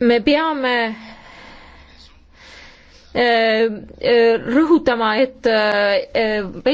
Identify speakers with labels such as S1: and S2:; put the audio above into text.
S1: me peame äh, äh, rõhutama, et äh,